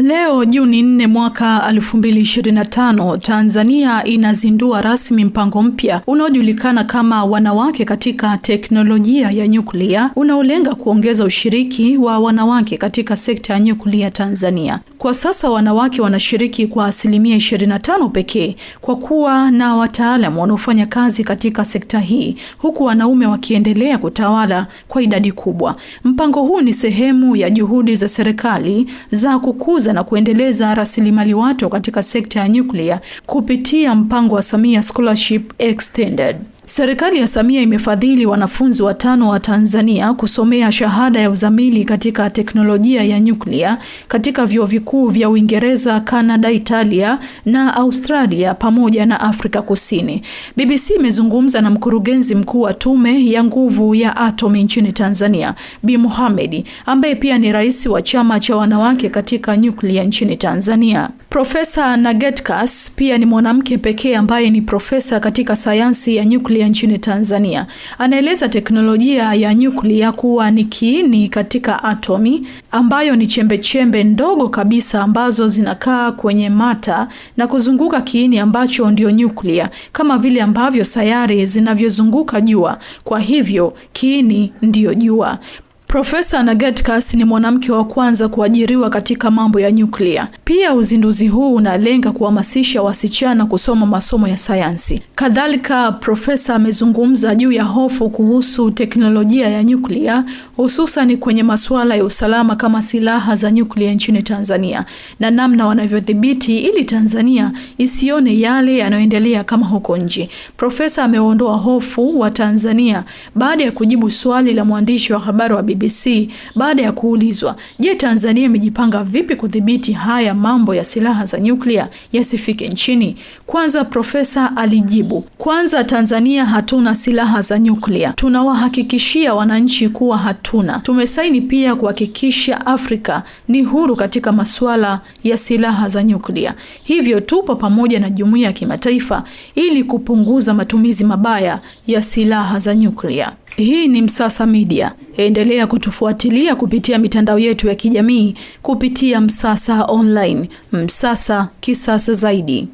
Leo Juni 4 mwaka 2025, Tanzania inazindua rasmi mpango mpya unaojulikana kama wanawake katika teknolojia ya nyuklia unaolenga kuongeza ushiriki wa wanawake katika sekta ya nyuklia Tanzania. Kwa sasa wanawake wanashiriki kwa asilimia 25 pekee kwa kuwa na wataalam wanaofanya kazi katika sekta hii, huku wanaume wakiendelea kutawala kwa idadi kubwa. Mpango huu ni sehemu ya juhudi za serikali za kukuza na kuendeleza rasilimali watu katika sekta ya nyuklia kupitia mpango wa Samia Scholarship Extended. Serikali ya Samia imefadhili wanafunzi watano wa Tanzania kusomea shahada ya uzamili katika teknolojia ya nyuklia katika vyuo vikuu vya Uingereza, Kanada, Italia na Australia pamoja na Afrika Kusini. BBC imezungumza na mkurugenzi mkuu wa Tume ya Nguvu ya Atomi nchini Tanzania, Bi Mohamed, ambaye pia ni rais wa chama cha wanawake katika nyuklia nchini Tanzania. Profesa Nagetkas pia ni mwanamke pekee ambaye ni profesa katika sayansi ya nyuklia nchini Tanzania. Anaeleza teknolojia ya nyuklia kuwa ni kiini katika atomi ambayo ni chembechembe -chembe ndogo kabisa ambazo zinakaa kwenye mata na kuzunguka kiini ambacho ndio nyuklia, kama vile ambavyo sayari zinavyozunguka jua. Kwa hivyo kiini ndiyo jua. Profesa Nagatkas ni mwanamke wa kwanza kuajiriwa katika mambo ya nyuklia. Pia uzinduzi huu unalenga kuhamasisha wasichana kusoma masomo ya sayansi. Kadhalika, profesa amezungumza juu ya hofu kuhusu teknolojia ya nyuklia, hususan kwenye masuala ya usalama kama silaha za nyuklia nchini Tanzania na namna wanavyodhibiti ili Tanzania isione yale yanayoendelea kama huko nje. Profesa ameondoa hofu wa Tanzania baada ya kujibu swali la mwandishi wa habari wa BBC BBC baada ya kuulizwa, je, Tanzania imejipanga vipi kudhibiti haya mambo ya silaha za nyuklia yasifike nchini? Kwanza profesa alijibu, kwanza Tanzania hatuna silaha za nyuklia, tunawahakikishia wananchi kuwa hatuna. Tumesaini pia kuhakikisha Afrika ni huru katika masuala ya silaha za nyuklia, hivyo tupo pamoja na jumuiya ya kimataifa ili kupunguza matumizi mabaya ya silaha za nyuklia. Hii ni Msasa Media. Endelea kutufuatilia kupitia mitandao yetu ya kijamii kupitia Msasa Online. Msasa kisasa zaidi.